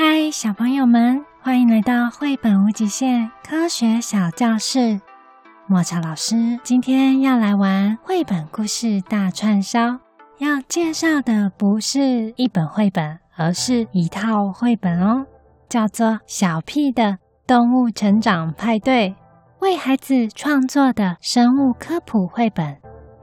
嗨，Hi, 小朋友們，歡迎來到繪本無極限科學小教室。抹茶老師今天要來玩繪本故事大串燒，要介紹的不是一本繪本，而是一套繪本哦，叫做《小屁的動物成長派對》，為孩子創作的生物科普繪本，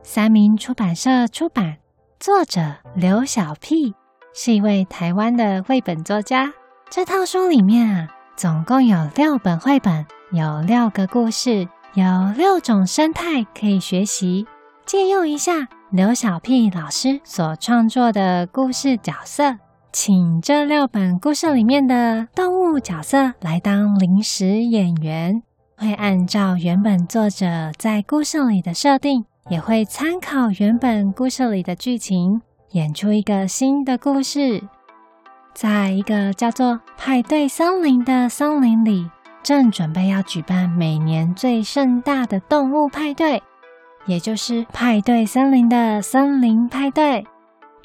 三民出版社出版，作者劉小屁是一位台灣的繪本作家。這套書裡面啊，總共有六本繪本，有六個故事，有六種生態可以學習。借用一下劉小屁老師所創作的故事角色，請這六本故事裡面的動物角色來當臨時演員，會按照原本作者在故事裡的設定，也會參考原本故事裡的劇情，演出一個新的故事。在一個叫做派對森林的森林裡，正準備要舉辦每年最盛大的動物派對，也就是派對森林的森林派對。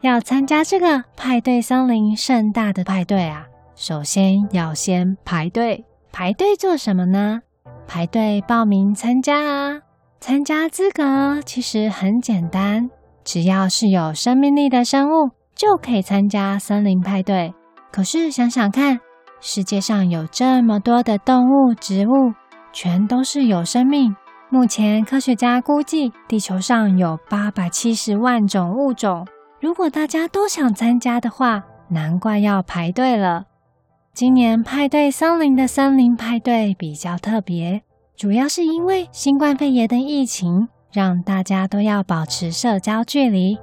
要參加這個派對森林盛大的派對啊，首先要先排隊。排隊做什麼呢？排隊報名參加啊！參加資格其實很簡單，只要是有生命力的生物就可以參加森林派對。可是想想看，世界上有這麼多的動物、植物，全都是有生命。目前科學家估計，地球上有八百七十萬種物種。如果大家都想參加的話，難怪要排隊了。今年派對森林的森林派對比較特別，主要是因為新冠肺炎的疫情，讓大家都要保持社交距離，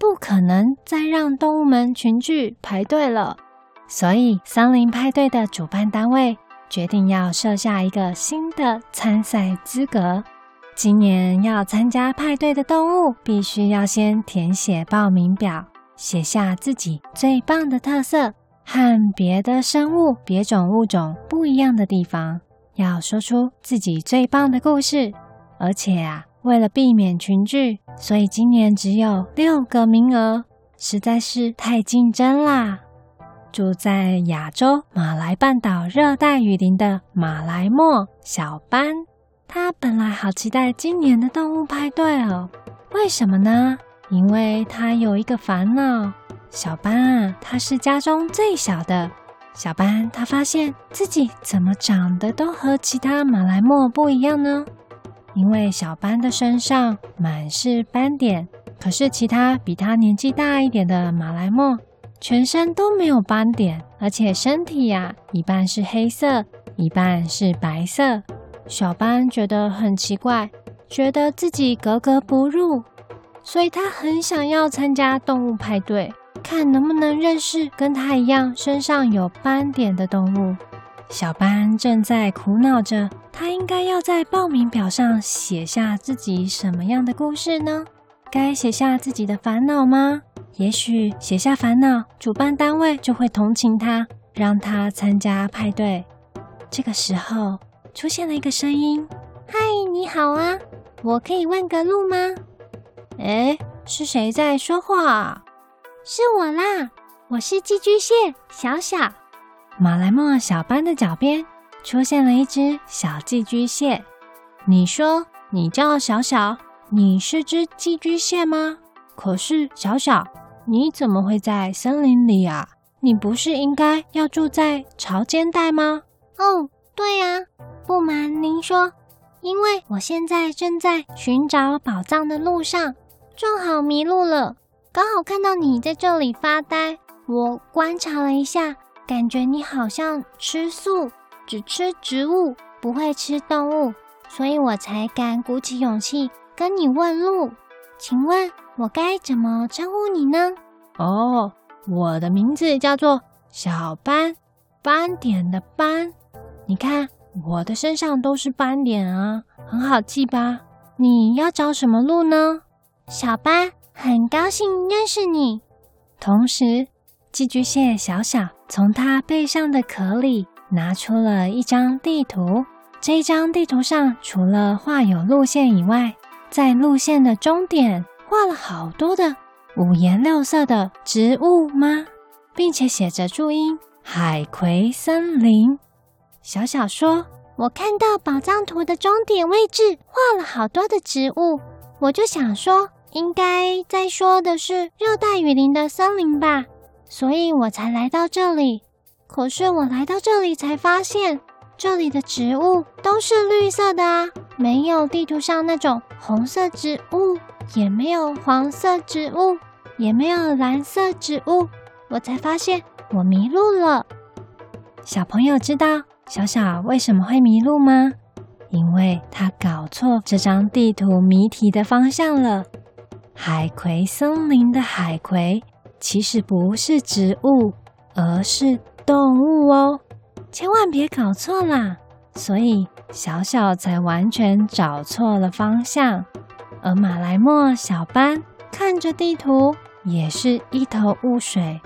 不可能再讓動物們群聚排隊了。所以，森林派對的主辦單位決定要設下一個新的參賽資格。今年要參加派對的動物，必須要先填寫報名表，寫下自己最棒的特色和別的生物、別種物種不一樣的地方，要說出自己最棒的故事。而且啊，為了避免群聚，所以今年只有六個名額，實在是太競爭啦！住在亞洲馬來半島熱帶雨林的馬來莫小班，他本來好期待今年的動物派對哦。為什麼呢？因為他有一個煩惱。小班啊，他是家中最小的。小班他發現自己怎麼長得都和其他馬來莫不一樣呢？因為小班的身上滿是斑點，可是其他比他年紀大一點的馬來莫全身都沒有斑點，而且身體呀、啊，一半是黑色，一半是白色。小斑覺得很奇怪，覺得自己格格不入，所以他很想要參加動物派對，看能不能認識跟他一樣身上有斑點的動物。小斑正在苦惱着，他應該要在報名表上寫下自己什麼樣的故事呢？該寫下自己的煩惱嗎？也許寫下煩惱，主辦單位就會同情他，讓他參加派對。這個時候，出現了一個聲音：“嗨，你好啊，我可以問個路嗎？”哎，是誰在說話？是我啦，我是寄居蟹，小小。馬來貘小斑的腳邊出現了一隻小寄居蟹。你說你叫小小，你是隻寄居蟹嗎？可是小小。你怎麼會在森林裡啊？你不是應該要住在潮間帶嗎？哦，對啊。不瞞您說，因為我現在正在尋找寶藏的路上，正好迷路了，剛好看到你在這裡發呆。我觀察了一下，感覺你好像吃素，只吃植物，不會吃動物，所以我才敢鼓起勇氣跟你問路。請問？我該怎麼稱呼你呢？哦，oh，我的名字叫做小斑，斑點的斑。你看，我的身上都是斑點啊，很好記吧？你要找什麼路呢？小斑，很高興認識你。同時，寄居蟹小小從它背上的殼裡拿出了一張地圖。這張地圖上除了畫有路線以外，在路線的終點，畫了好多的五顏六色的植物嗎？並且寫着注音“海葵森林”。小小說，我看到寶藏圖的終點位置畫了好多的植物，我就想說，應該在說的是熱帶雨林的森林吧，所以我才來到這裡。可是我來到這裡才發現，這裡的植物都是綠色的啊，沒有地圖上那種紅色植物。也沒有黃色植物，也沒有藍色植物，我才發現我迷路了。小朋友知道小小為什麼會迷路嗎？因為他搞錯這張地圖謎題的方向了。海葵森林的海葵其實不是植物，而是動物哦。千萬別搞錯啦。所以小小才完全找錯了方向。而馬來貘小斑看着地圖，也是一頭霧水，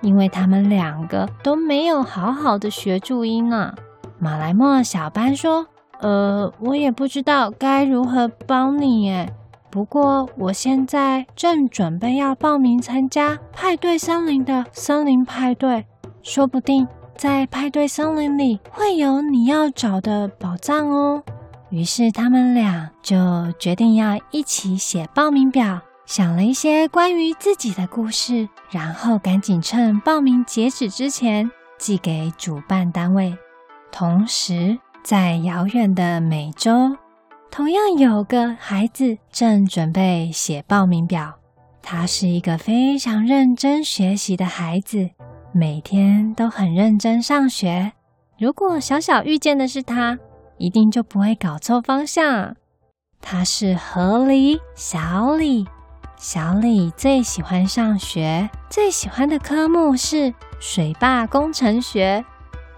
因為他們兩個都沒有好好的學注音啊。馬來貘小斑說：“呃，我也不知道該如何幫你耶。不過我現在正準備要報名參加派對森林的森林派對，說不定在派對森林裡會有你要找的寶藏哦。”於是他們倆就決定要一起寫報名表，想了一些關於自己的故事，然後趕緊趁報名截止之前寄給主辦單位。同時，在遙遠的美洲，同樣有個孩子正準備寫報名表。他是一個非常認真學習的孩子，每天都很認真上學。如果小小遇見的是他。一定就不會搞錯方向。他是河狸小里，小里最喜歡上學，最喜歡的科目是水壩工程學。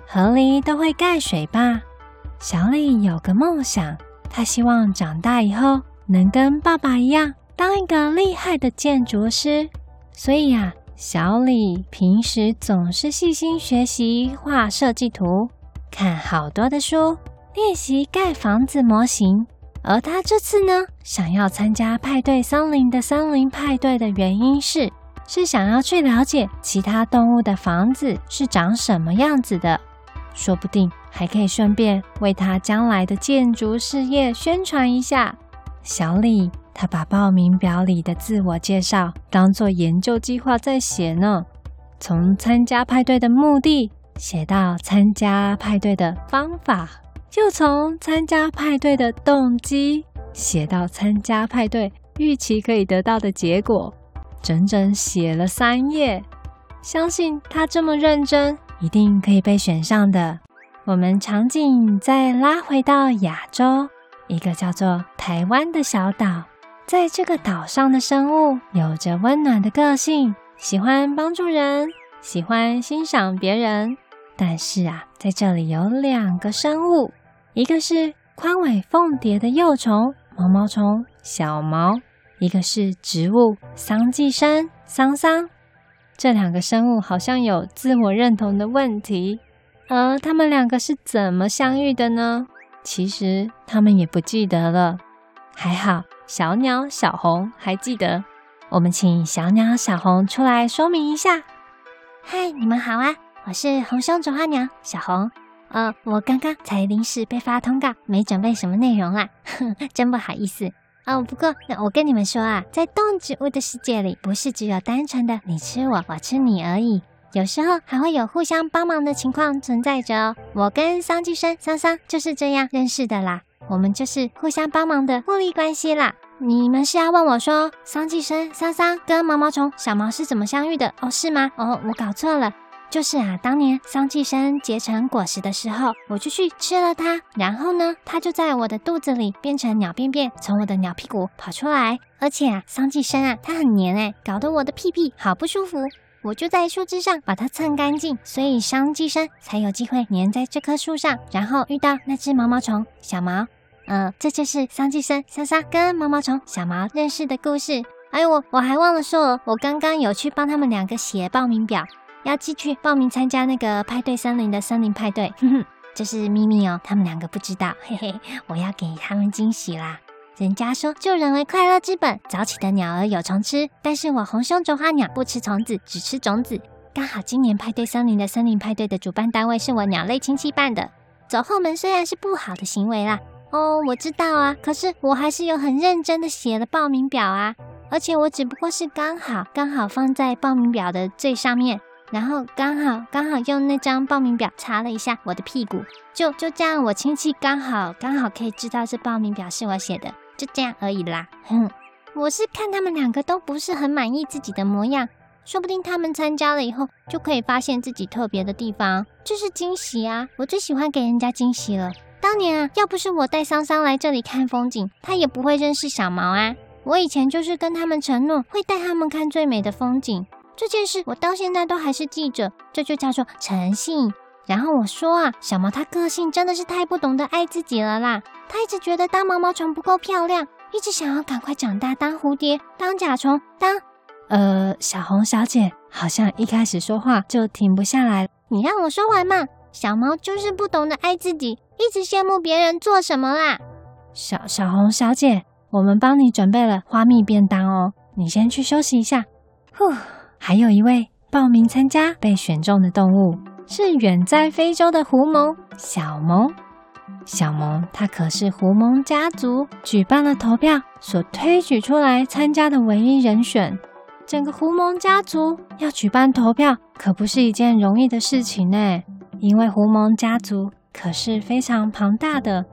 河狸都會蓋水壩。小里有個夢想，他希望長大以後能跟爸爸一樣，當一個厲害的建築師。所以啊，小里平時總是細心學習畫設計圖，看好多的書。練習蓋房子模型，而他這次呢，想要參加派對，森林的森林派對的原因是，是想要去了解其他動物的房子是長什麼樣子的，說不定還可以順便為他將來的建築事業宣傳一下。小里，他把報名表裡的自我介紹當作研究計劃在寫呢，從參加派對的目的寫到參加派對的方法。就從參加派對的動機寫到參加派對預期可以得到的結果，整整寫了三頁。相信他這麼認真，一定可以被選上的。我們場景再拉回到亞洲，一個叫做台灣的小島，在這個島上的生物有着溫暖的個性，喜歡幫助人，喜歡欣賞別人。但是啊，在這裡有兩個生物。一個是寬尾鳳蝶的幼蟲毛毛蟲小毛，一個是植物桑寄生桑桑。這兩個生物好像有自我認同的問題，而他們兩個是怎麼相遇的呢？其實他們也不記得了，還好小鳥小紅還記得。我們請小鳥小紅出來說明一下。嗨，你們好啊，我是紅胸啄花鳥小紅。呃、哦，我剛剛才臨時被發通告，沒準備什麼內容啦、哼，真不好意思。哦，不過那我跟你們說啊，在動植物的世界裡，不是只有單純的你吃我，我吃你而已，有時候還會有互相幫忙的情況存在着哦。我跟桑寄生桑桑就是這樣認識的啦，我們就是互相幫忙的互利關係啦。你們是要問我說桑寄生桑桑跟毛毛蟲小毛是怎麼相遇的？哦，是嗎？哦，我搞錯了。就是啊，當年桑寄生結成果實的時候，我就去吃了它。然後呢，它就在我的肚子裡變成鳥便便，從我的鳥屁股跑出來。而且啊，桑寄生啊，它很黏誒、欸、搞得，我的屁屁好不舒服。我就在樹枝上把它蹭乾淨，所以桑寄生才有機會粘在這棵樹上。然後遇到那隻毛毛蟲小毛，嗯、呃，這就是桑寄生莎莎跟毛毛蟲小毛認識的故事。哎，我我還忘了說、哦，我剛剛有去幫他們兩個寫報名表。要繼續報名參加那個派對森林的森林派對，哼哼，這、就是秘密哦，他們兩個不知道，嘿嘿，我要給他們驚喜啦。人家說助人為快樂之本，早起的鳥兒有蟲吃，但是我紅胸啄花鳥不吃蟲子，只吃種子。剛好今年派對森林的森林派對的主辦單位是我鳥類親戚辦的，走後門雖然是不好的行為啦，哦，我知道啊，可是我還是有很認真的寫了報名表啊，而且我只不過是剛好剛好放在報名表的最上面。然後剛好剛好用那張報名表查了一下我的屁股，就就這樣，我親戚剛好剛好可以知道這報名表是我寫的，就這樣而已啦。哼，我是看他們兩個都不是很滿意自己的模樣，說不定他們參加了以後就可以發現自己特別的地方，這、就是驚喜啊！我最喜歡給人家驚喜了。當年啊，要不是我帶桑桑來這裡看風景，他也不會認識小毛啊。我以前就是跟他們承諾會帶他們看最美的風景。這件事我到現在都還是記着，這就叫做誠信。然後我說啊，小毛它個性真的是太不懂得愛自己了啦，它一直覺得當毛毛蟲不夠漂亮，一直想要趕快長大當蝴蝶、當甲蟲、當……呃，小紅小姐好像一開始說話就停不下來，你讓我說完嘛。小毛就是不懂得愛自己，一直羨慕別人做什麼啦。小小紅小姐，我們幫你準備了花蜜便當哦，你先去休息一下。呼。還有一位報名參加被選中的動物是遠在非洲的狐獴小萌。小萌，它可是狐獴家族舉辦了投票所推舉出來參加的唯一人選。整個狐獴家族要舉辦投票，可不是一件容易的事情呢，因為狐獴家族可是非常龐大的，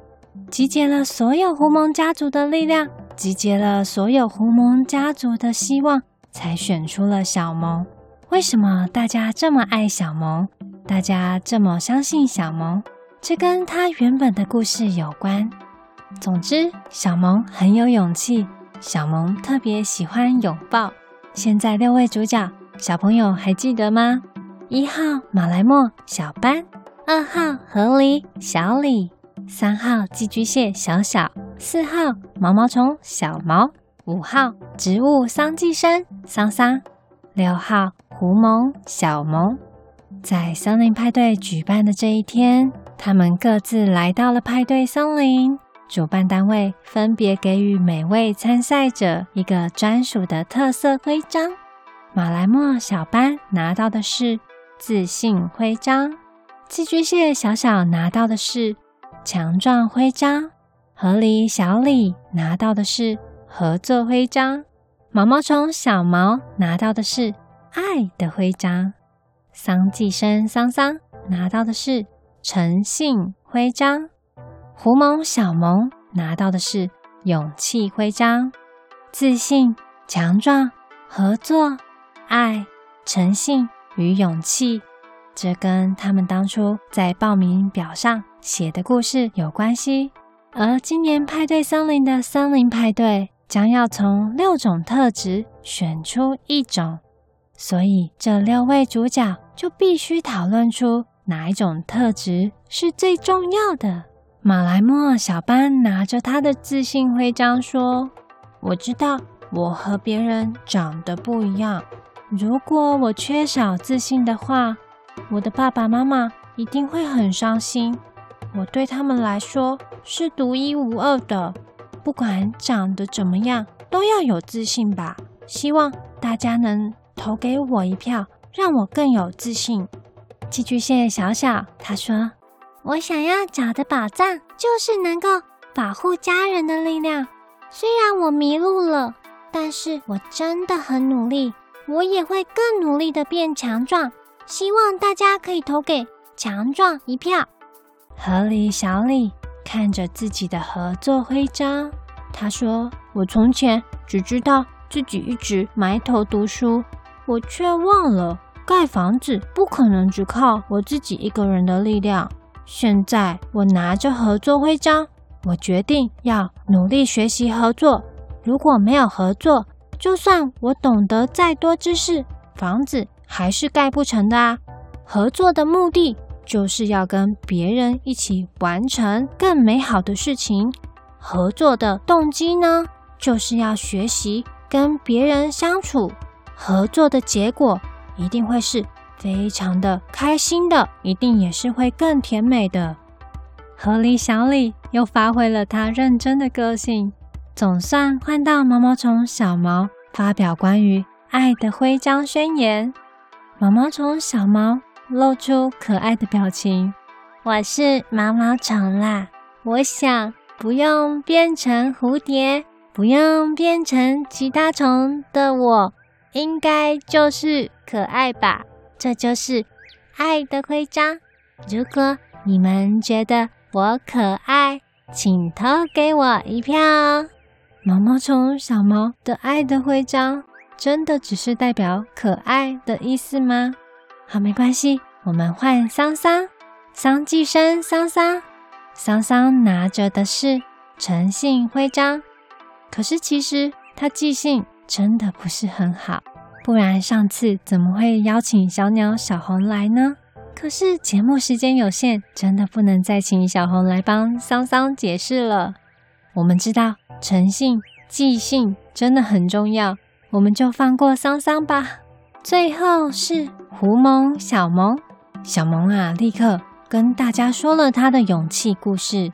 集結了所有狐獴家族的力量，集結了所有狐獴家族的希望。才選出了小萌。為什麼大家這麼愛小萌？大家這麼相信小萌？這跟她原本的故事有關。總之，小萌很有勇氣，小萌特別喜歡擁抱。現在六位主角小朋友還記得嗎？一號馬來貘小斑，二號河狸小里，三號寄居蟹小小，四號毛毛蟲小毛。五號植物桑寄生桑桑，六號狐獴小獴，在森林派對舉辦的這一天，他們各自來到了派對森林。主辦單位分別給予每位參賽者一個專屬的特色徽章。馬來貘小斑拿到的是自信徽章，寄居蟹小小拿到的是強壯徽章，河狸小里拿到的是合作徽章，毛毛蟲小毛拿到的是愛的徽章；桑寄生桑桑拿到的是誠信徽章；狐獴小萌拿到的是勇氣徽章。自信、強壯、合作、愛、誠信與勇氣，這跟他們當初在報名表上寫的故事有關係。而今年派對森林的森林派對。將要從六種特質選出一種，所以這六位主角就必須討論出哪一種特質是最重要的。馬來貘小斑拿着他的自信徽章說：“我知道我和別人長得不一樣，如果我缺少自信的話，我的爸爸媽媽一定會很傷心。我對他們來說是獨一無二的。”不管長得怎麼樣，都要有自信吧。希望大家能投給我一票，讓我更有自信。寄居蟹小小他說：“我想要找的寶藏就是能夠保護家人的力量。雖然我迷路了，但是我真的很努力。我也會更努力地變強壯。希望大家可以投給強壯一票。”河狸小里河狸小里，看着自己的合作徽章，他說：“我從前只知道自己一直埋頭讀書，我卻忘了蓋房子不可能只靠我自己一個人的力量。現在我拿着合作徽章，我決定要努力學習合作。如果沒有合作，就算我懂得再多知識，房子還是蓋不成的啊。合作的目的。”就是要跟別人一起完成更美好的事情。合作的動機呢，就是要學習跟別人相處。合作的結果一定會是非常的開心的，一定也是會更甜美的。河狸小里又發揮了他認真的個性，總算換到毛毛蟲小毛發表關於愛的徽章宣言。毛毛蟲小毛。露出可愛的表情，我是毛毛蟲啦！我想不用變成蝴蝶，不用變成其他蟲的我，應該就是可愛吧？這就是愛的徽章。如果你們覺得我可愛，請投給我一票哦！毛毛蟲小毛的愛的徽章，真的只是代表可愛的意思嗎？好，沒關係。我們換桑桑，桑寄生，桑桑，桑桑拿着的是誠信徽章。可是其實他記性真的不是很好，不然上次怎麼會邀請小鳥小紅來呢？可是節目時間有限，真的不能再請小紅來幫桑桑解釋了。我們知道誠信、記性真的很重要，我們就放過桑桑吧。最後是狐獴小萌，小萌啊，立刻跟大家說了他的勇氣故事，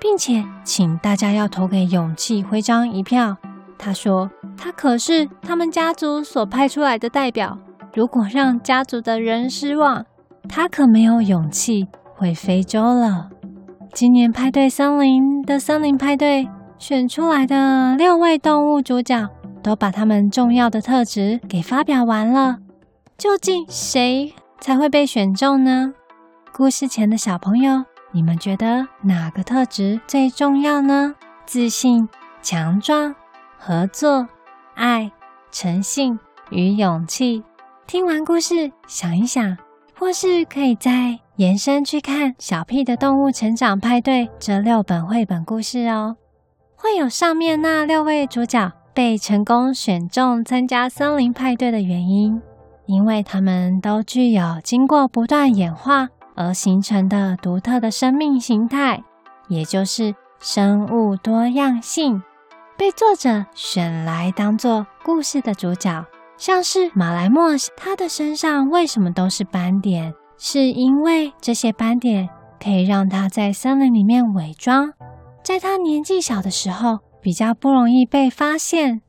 並且請大家要投給勇氣徽章一票。他說他可是他們家族所派出來的代表，如果讓家族的人失望，他可沒有勇氣回非洲了。今年派對森林的森林派對選出來的六位動物主角都把他們重要的特質給發表完了，究竟誰才會被選中呢？故事前的小朋友，你們覺得哪個特質最重要呢？自信、強壯、合作、愛、誠信與勇氣。聽完故事，想一想，或是可以再延伸去看《小屁的動物成長派對》這六本繪本故事哦，會有上面那六位主角。被成功選中參加森林派對的原因，因為它們都具有經過不斷演化而形成的獨特的生命形態，也就是生物多樣性，被作者選來當做故事的主角。像是馬來貘，它的身上為什麼都是斑點？是因為這些斑點可以讓它在森林裡面偽裝。在它年紀小的時候。比較不容易被發現，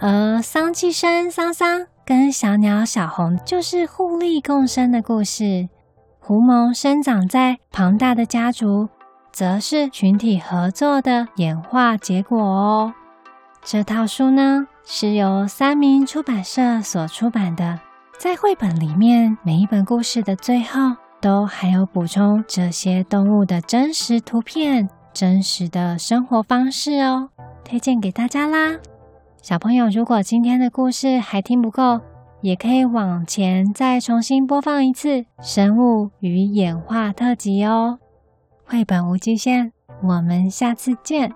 而桑寄生桑桑跟小鳥小紅就是互利共生的故事。狐獴生長在龐大的家族，則是群體合作的演化結果哦。這套書呢是由三民出版社所出版的，在繪本裡面每一本故事的最後都還有補充這些動物的真實圖片、真實的生活方式哦。推薦給大家啦，小朋友，如果今天的故事還聽不夠，也可以往前再重新播放一次《生物與演化特輯》哦。繪本無極限，我們下次見。